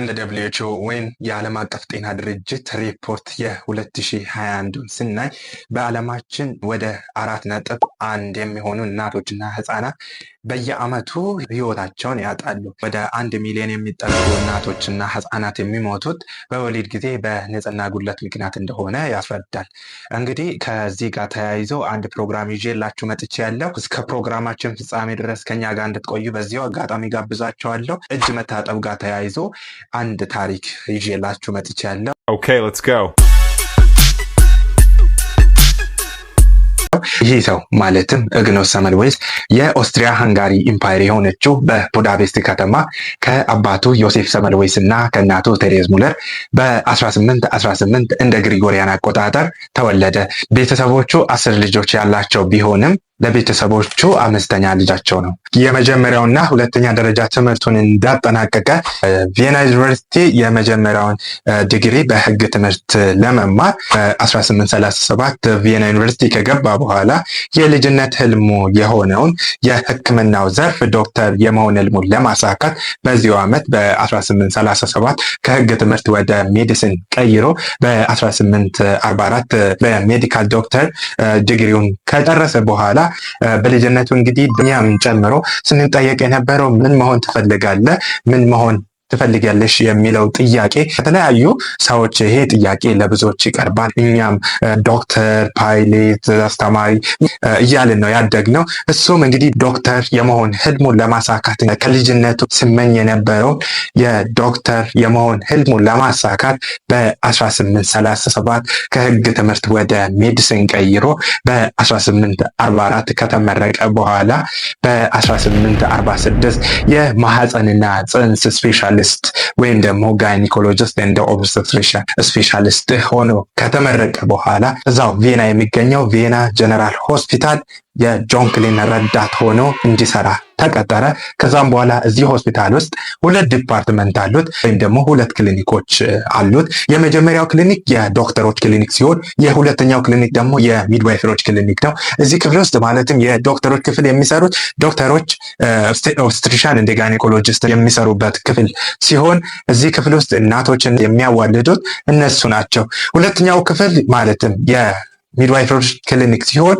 እንደ ደብሊውኤችኦ ወይም የዓለም አቀፍ ጤና ድርጅት ሪፖርት የ2021 ስናይ በዓለማችን ወደ አራት ነጥብ አንድ የሚሆኑ እናቶችና ህፃናት በየአመቱ ህይወታቸውን ያጣሉ። ወደ አንድ ሚሊዮን የሚጠጉ እናቶችና ህፃናት የሚሞቱት በወሊድ ጊዜ በንጽህና ጉድለት ምክንያት እንደሆነ ያስረዳል። እንግዲህ ከዚህ ጋር ተያይዞ አንድ ፕሮግራም ይዤላችሁ መጥቼ ያለው እስከ ፕሮግራማችን ፍጻሜ ድረስ ከኛ ጋር እንድትቆዩ በዚሁ አጋጣሚ ጋብዛቸዋለሁ። እጅ መታጠብ ጋር ተያይዞ አንድ ታሪክ ይዤላችሁ መጥቻለሁ። ኦኬ ሌትስ ጎ ይህ ሰው ማለትም ሰመል ሰመልዌይስ የኦስትሪያ ሃንጋሪ ኢምፓየር የሆነችው በቡዳፔስት ከተማ ከአባቱ ዮሴፍ ወይስ እና ከእናቱ ቴሬዝ ሙለር በ1818 እንደ ግሪጎሪያን አቆጣጠር ተወለደ። ቤተሰቦቹ አስር ልጆች ያላቸው ቢሆንም ለቤተሰቦቹ አምስተኛ ልጃቸው ነው። የመጀመሪያውና ሁለተኛ ደረጃ ትምህርቱን እንዳጠናቀቀ ቪየና ዩኒቨርሲቲ የመጀመሪያውን ዲግሪ በህግ ትምህርት ለመማር በ1837 ቪየና ዩኒቨርሲቲ ከገባ በኋላ የልጅነት ህልሙ የሆነውን የህክምናው ዘርፍ ዶክተር የመሆን ህልሙን ለማሳካት በዚሁ ዓመት በ1837 ከህግ ትምህርት ወደ ሜዲሲን ቀይሮ በ1844 በሜዲካል ዶክተር ዲግሪውን ከጨረሰ በኋላ በልጅነቱ እንግዲህ እኛም ጨምሮ ስንጠየቅ የነበረው ምን መሆን ትፈልጋለህ? ምን መሆን ትፈልጊያለሽ የሚለው ጥያቄ ከተለያዩ ሰዎች ይሄ ጥያቄ ለብዙዎች ይቀርባል። እኛም ዶክተር፣ ፓይሌት፣ አስተማሪ እያልን ነው ያደግነው። እሱም እንግዲህ ዶክተር የመሆን ህልሙን ለማሳካት ከልጅነቱ ስመኝ የነበረውን የዶክተር የመሆን ህልሙን ለማሳካት በ1837 ከህግ ትምህርት ወደ ሜዲሲን ቀይሮ በ1844 ከተመረቀ በኋላ በ1846 የማህፀንና ጽንስ ስፔሻል ስፔሻሊስት ወይም ደግሞ ጋይኒኮሎጂስት እንደ ኦብስትሪሽን ስፔሻሊስት ሆኖ ከተመረቀ በኋላ እዛው ቬና የሚገኘው ቬና ጀነራል ሆስፒታል የጆን ክሊን ረዳት ሆኖ እንዲሰራ ተቀጠረ። ከዛም በኋላ እዚህ ሆስፒታል ውስጥ ሁለት ዲፓርትመንት አሉት ወይም ደግሞ ሁለት ክሊኒኮች አሉት። የመጀመሪያው ክሊኒክ የዶክተሮች ክሊኒክ ሲሆን የሁለተኛው ክሊኒክ ደግሞ የሚድዋይፈሮች ክሊኒክ ነው። እዚህ ክፍል ውስጥ ማለትም የዶክተሮች ክፍል የሚሰሩት ዶክተሮች ኦብስትሪሻን እንደ ጋይኔኮሎጂስት የሚሰሩበት ክፍል ሲሆን እዚህ ክፍል ውስጥ እናቶችን የሚያዋልዱት እነሱ ናቸው። ሁለተኛው ክፍል ማለትም ሚድዋይፈሮች ክሊኒክ ሲሆን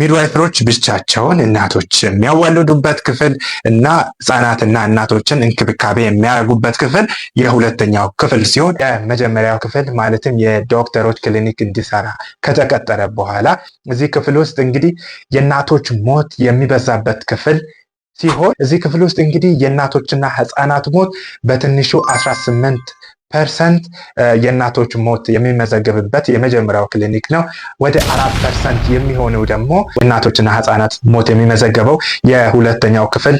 ሚድዋይፈሮች ብቻቸውን እናቶች የሚያዋልዱበት ክፍል እና ህጻናትና እናቶችን እንክብካቤ የሚያደርጉበት ክፍል የሁለተኛው ክፍል ሲሆን የመጀመሪያው ክፍል ማለትም የዶክተሮች ክሊኒክ እንዲሰራ ከተቀጠረ በኋላ እዚህ ክፍል ውስጥ እንግዲህ የእናቶች ሞት የሚበዛበት ክፍል ሲሆን እዚህ ክፍል ውስጥ እንግዲህ የእናቶችና ህጻናት ሞት በትንሹ 18 ፐርሰንት የእናቶች ሞት የሚመዘገብበት የመጀመሪያው ክሊኒክ ነው። ወደ አራት ፐርሰንት የሚሆነው ደግሞ እናቶችና ህጻናት ሞት የሚመዘገበው የሁለተኛው ክፍል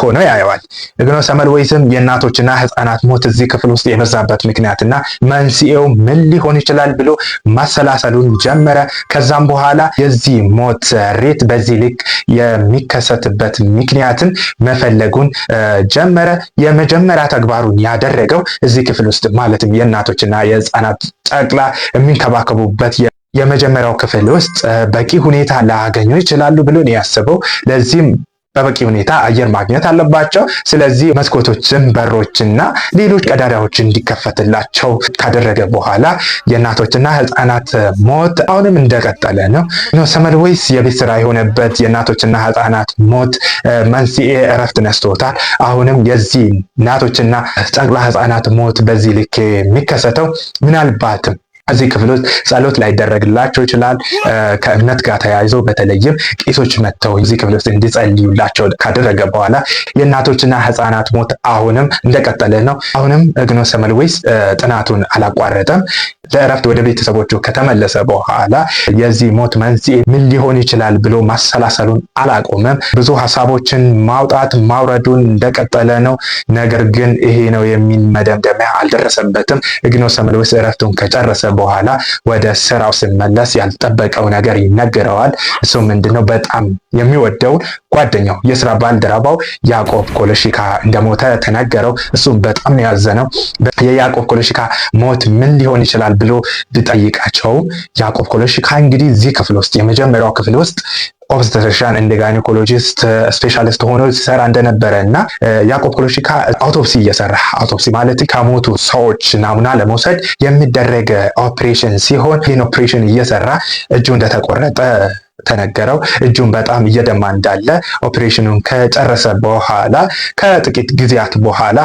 ሆኖ ያየዋል። ሰመል ሰመርዌይዝም የእናቶችና ህጻናት ሞት እዚህ ክፍል ውስጥ የበዛበት ምክንያትና መንስኤው ምን ሊሆን ይችላል ብሎ ማሰላሰሉን ጀመረ። ከዛም በኋላ የዚህ ሞት ሬት በዚህ ልክ የሚከሰትበት ምክንያትን መፈለጉን ጀመረ። የመጀመሪያ ተግባሩን ያደረገው እዚህ ክፍል ውስጥ ውስጥ ማለትም የእናቶችና የህፃናት ጨቅላ የሚንከባከቡበት የመጀመሪያው ክፍል ውስጥ በቂ ሁኔታ ላያገኙ ይችላሉ ብሎ ነው ያስበው። ለዚህም በበቂ ሁኔታ አየር ማግኘት አለባቸው። ስለዚህ መስኮቶችን፣ በሮችና ሌሎች ቀዳዳዎች እንዲከፈትላቸው ካደረገ በኋላ የእናቶችና ህፃናት ሞት አሁንም እንደቀጠለ ነው። ሰመር ወይስ የቤት ስራ የሆነበት የእናቶችና ህፃናት ሞት መንስኤ እረፍት ነስቶታል። አሁንም የዚህ እናቶችና ጨቅላ ሕፃናት ሞት በዚህ ልክ የሚከሰተው ምናልባትም እዚህ ክፍል ውስጥ ጸሎት ላይደረግላቸው ይችላል። ከእምነት ጋር ተያይዞ በተለይም ቄሶች መጥተው እዚህ ክፍል ውስጥ እንዲጸልዩላቸው ካደረገ በኋላ የእናቶችና ህፃናት ሞት አሁንም እንደቀጠለ ነው። አሁንም እግኖ ሰመልዌስ ጥናቱን አላቋረጠም። ለእረፍት ወደ ቤተሰቦቹ ከተመለሰ በኋላ የዚህ ሞት መንስኤ ምን ሊሆን ይችላል ብሎ ማሰላሰሉን አላቆመም። ብዙ ሀሳቦችን ማውጣት ማውረዱን እንደቀጠለ ነው። ነገር ግን ይሄ ነው የሚል መደምደሚያ አልደረሰበትም። ኢግኖስ ሰምለዊስ እረፍቱን ከጨረሰ በኋላ ወደ ስራው ሲመለስ ያልጠበቀው ነገር ይነገረዋል። እሱ ምንድነው? በጣም የሚወደውን ጓደኛው የስራ ባልደረባው ያዕቆብ ኮሎሺካ እንደሞተ ተነገረው። እሱም በጣም ያዘነው። የያዕቆብ ኮሎሺካ ሞት ምን ሊሆን ይችላል ብሎ ብጠይቃቸው ያዕቆብ ኮሎሽ ከእንግዲህ እዚህ ክፍል ውስጥ የመጀመሪያው ክፍል ውስጥ ኦብስተሪሽያን እንደ ጋይኒኮሎጂስት ስፔሻሊስት ሆኖ ሲሰራ እንደነበረ እና ያዕቆብ ኮሎሺካ አውቶፕሲ እየሰራ አውቶፕሲ ማለት ከሞቱ ሰዎች ናሙና ለመውሰድ የሚደረግ ኦፕሬሽን ሲሆን ይህን ኦፕሬሽን እየሰራ እጁ እንደተቆረጠ ተነገረው። እጁን በጣም እየደማ እንዳለ ኦፕሬሽኑን ከጨረሰ በኋላ ከጥቂት ጊዜያት በኋላ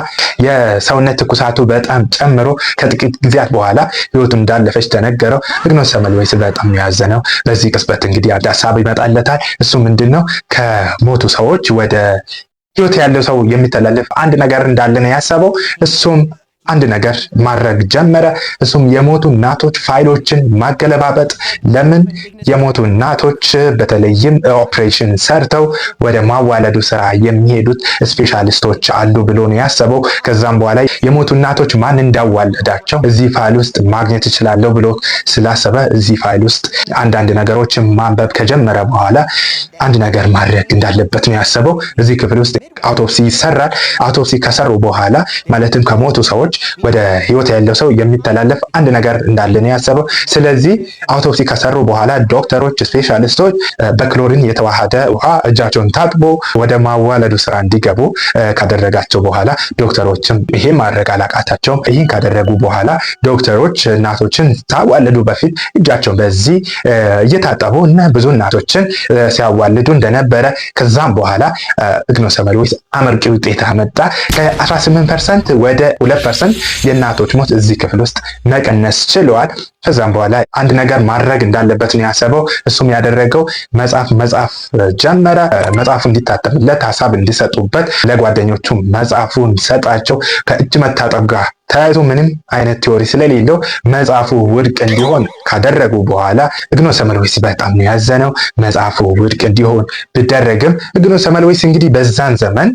የሰውነት ትኩሳቱ በጣም ጨምሮ ከጥቂት ጊዜያት በኋላ ህይወቱ እንዳለፈች ተነገረው። አግኖስ ሰመልወይስ በጣም ነው በዚህ ቅጽበት እንግዲህ አንድ ሀሳብ ይመጣለታል። እሱ ምንድን ነው? ከሞቱ ሰዎች ወደ ህይወት ያለው ሰው የሚተላለፍ አንድ ነገር እንዳለ ነው ያሰበው እሱም አንድ ነገር ማድረግ ጀመረ። እሱም የሞቱ እናቶች ፋይሎችን ማገለባበጥ። ለምን የሞቱ እናቶች በተለይም ኦፕሬሽን ሰርተው ወደ ማዋለዱ ስራ የሚሄዱት ስፔሻሊስቶች አሉ ብሎ ነው ያሰበው። ከዛም በኋላ የሞቱ እናቶች ማን እንዳዋለዳቸው እዚህ ፋይል ውስጥ ማግኘት እችላለሁ ብሎ ስላሰበ እዚህ ፋይል ውስጥ አንዳንድ ነገሮችን ማንበብ ከጀመረ በኋላ አንድ ነገር ማድረግ እንዳለበት ነው ያሰበው። እዚህ ክፍል ውስጥ አውቶፕሲ ይሰራል። አውቶፕሲ ከሰሩ በኋላ ማለትም ከሞቱ ሰዎች ሰዎች ወደ ህይወት ያለው ሰው የሚተላለፍ አንድ ነገር እንዳለ ነው ያሰበው። ስለዚህ አውቶፕሲ ከሰሩ በኋላ ዶክተሮች፣ ስፔሻሊስቶች በክሎሪን የተዋሃደ ውሃ እጃቸውን ታጥቦ ወደ ማዋለዱ ስራ እንዲገቡ ካደረጋቸው በኋላ ዶክተሮችም ይሄ ማድረግ አላቃታቸውም። ይህን ካደረጉ በኋላ ዶክተሮች እናቶችን ሳዋለዱ በፊት እጃቸውን በዚህ እየታጠቡ እና ብዙ እናቶችን ሲያዋልዱ እንደነበረ ከዛም በኋላ ኢግኖ አመርቂ ውጤት አመጣ ከ18 ፐርሰንት ወደ 2 ፐርሰንት ፐርሰንት የእናቶች ሞት እዚህ ክፍል ውስጥ መቀነስ ችለዋል። ከዛም በኋላ አንድ ነገር ማድረግ እንዳለበት ነው ያሰበው። እሱም ያደረገው መጽሐፍ መጽሐፍ ጀመረ። መጽሐፉ እንዲታተምለት ሀሳብ እንዲሰጡበት ለጓደኞቹ መጽሐፉን ሰጣቸው። ከእጅ መታጠብ ጋር ተያይዞ ምንም አይነት ቲዎሪ ስለሌለው መጽሐፉ ውድቅ እንዲሆን ካደረጉ በኋላ እግኖ ሰመልዊስ በጣም ነው ያዘነው። መጽሐፉ ውድቅ እንዲሆን ቢደረግም እግኖ ሰመልዊስ እንግዲህ በዛን ዘመን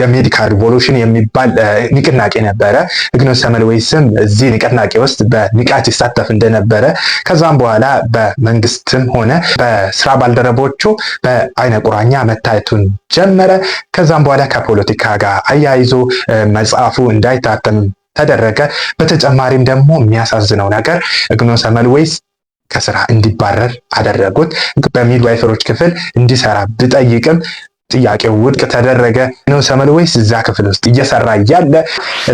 የሜዲካል ሪቮሉሽን የሚባል ንቅናቄ ነበረ። ኢግኖስ ሰመልዌይስም እዚህ ንቅናቄ ውስጥ በንቃት ይሳተፍ እንደነበረ ከዛም በኋላ በመንግስትም ሆነ በስራ ባልደረቦቹ በአይነ ቁራኛ መታየቱን ጀመረ። ከዛም በኋላ ከፖለቲካ ጋር አያይዞ መጽሐፉ እንዳይታተም ተደረገ። በተጨማሪም ደግሞ የሚያሳዝነው ነገር ኢግኖስ ሰመልዌይስ ከስራ እንዲባረር አደረጉት። በሚድዋይፈሮች ክፍል እንዲሰራ ብጠይቅም ጥያቄው ውድቅ ተደረገ። ነው ሰመል ወይስ እዛ ክፍል ውስጥ እየሰራ እያለ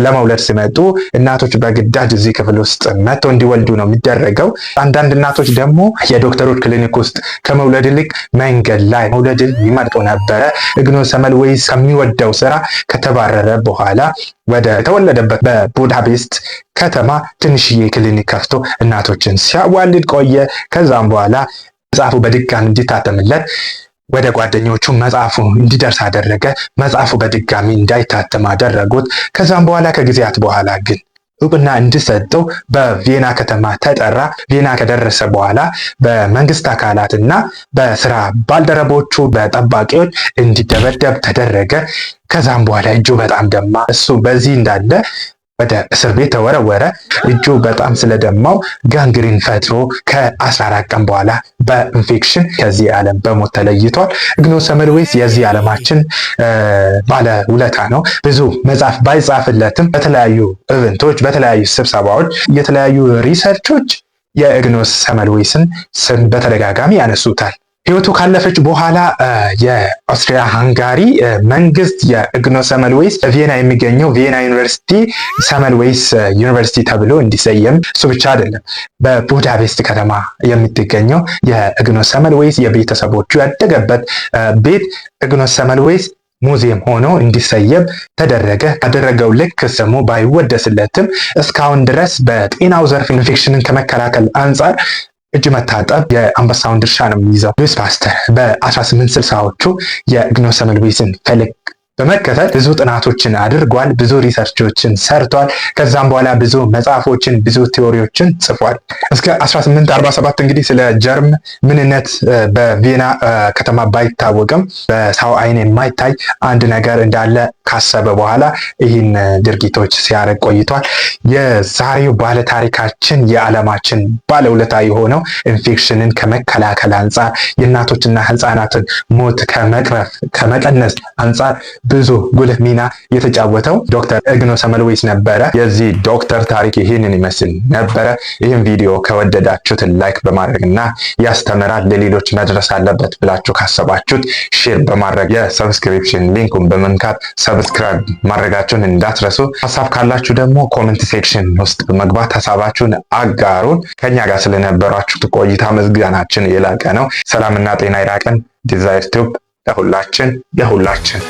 ለመውለድ ሲመጡ እናቶች በግዳጅ እዚህ ክፍል ውስጥ መጥተው እንዲወልዱ ነው የሚደረገው። አንዳንድ እናቶች ደግሞ የዶክተሮች ክሊኒክ ውስጥ ከመውለድ ይልቅ መንገድ ላይ መውለድን ይመርጡ ነበረ። እግኖ ሰመል ወይስ ከሚወደው ስራ ከተባረረ በኋላ ወደ ተወለደበት በቡዳፔስት ከተማ ትንሽዬ ክሊኒክ ከፍቶ እናቶችን ሲያዋልድ ቆየ። ከዛም በኋላ መጽሐፉ በድጋሚ እንዲታተምለት ወደ ጓደኞቹ መጽሐፉ እንዲደርስ አደረገ። መጽሐፉ በድጋሚ እንዳይታተም አደረጉት። ከዛም በኋላ ከጊዜያት በኋላ ግን እውቅና እንዲሰጠው በቪየና ከተማ ተጠራ። ቪየና ከደረሰ በኋላ በመንግስት አካላት እና በስራ ባልደረቦቹ በጠባቂዎች እንዲደበደብ ተደረገ። ከዛም በኋላ እጁ በጣም ደማ። እሱ በዚህ እንዳለ ወደ እስር ቤት ተወረወረ። እጁ በጣም ስለደማው ጋንግሪን ፈጥሮ ከ14 ቀን በኋላ በኢንፌክሽን ከዚህ ዓለም በሞት ተለይቷል። እግኖ ሰመልዌስ የዚህ ዓለማችን ባለ ውለታ ነው። ብዙ መጽሐፍ ባይጻፍለትም በተለያዩ እቨንቶች፣ በተለያዩ ስብሰባዎች፣ የተለያዩ ሪሰርቾች የእግኖስ ሰመልዌስን ስም በተደጋጋሚ ያነሱታል። ህይወቱ ካለፈች በኋላ የኦስትሪያ ሃንጋሪ መንግስት የእግኖ ወይስ ቪየና የሚገኘው ቪየና ዩኒቨርሲቲ ወይስ ዩኒቨርሲቲ ተብሎ እንዲሰየም፣ እሱ ብቻ አይደለም በቡዳፔስት ከተማ የምትገኘው የእግኖ ሰመል ወይስ የቤተሰቦቹ ያደገበት ቤት እግኖ ሰመል ወይስ ሙዚየም ሆኖ እንዲሰየም ተደረገ። ካደረገው ልክ ስሙ ባይወደስለትም እስካሁን ድረስ በጤናው ዘርፍ ኢንፌክሽንን ከመከላከል አንጻር እጅ መታጠብ የአንበሳውን ድርሻ ነው የሚይዘው። ሉዊስ ፓስተር በ1860ዎቹ የግኖሰ መልዊስን ፈለግ በመከተል ብዙ ጥናቶችን አድርጓል፣ ብዙ ሪሰርቾችን ሰርቷል። ከዛም በኋላ ብዙ መጽሐፎችን፣ ብዙ ቲዎሪዎችን ጽፏል። እስከ 1847 እንግዲህ ስለ ጀርም ምንነት በቪና ከተማ ባይታወቅም በሰው አይን የማይታይ አንድ ነገር እንዳለ ካሰበ በኋላ ይህን ድርጊቶች ሲያደርግ ቆይቷል። የዛሬው ባለታሪካችን የዓለማችን ባለውለታ የሆነው ኢንፌክሽንን ከመከላከል አንጻር የእናቶችና ህፃናትን ሞት ከመቅረፍ ከመቀነስ አንጻር ብዙ ጉልህ ሚና የተጫወተው ዶክተር እግኖ ሰመልዊስ ነበረ። የዚህ ዶክተር ታሪክ ይህንን ይመስል ነበረ። ይህን ቪዲዮ ከወደዳችሁት ላይክ በማድረግ እና ያስተምራል ለሌሎች መድረስ አለበት ብላችሁ ካሰባችሁት ሼር በማድረግ የሰብስክሪፕሽን ሊንኩን በመንካት ሰብስክራይብ ማድረጋችሁን እንዳትረሱ። ሀሳብ ካላችሁ ደግሞ ኮመንት ሴክሽን ውስጥ በመግባት ሀሳባችሁን አጋሩን። ከኛ ጋር ስለነበሯችሁት ቆይታ ምስጋናችን የላቀ ነው። ሰላምና ጤና ይራቀን። ዲዛይር ቲዩብ ለሁላችን የሁላችን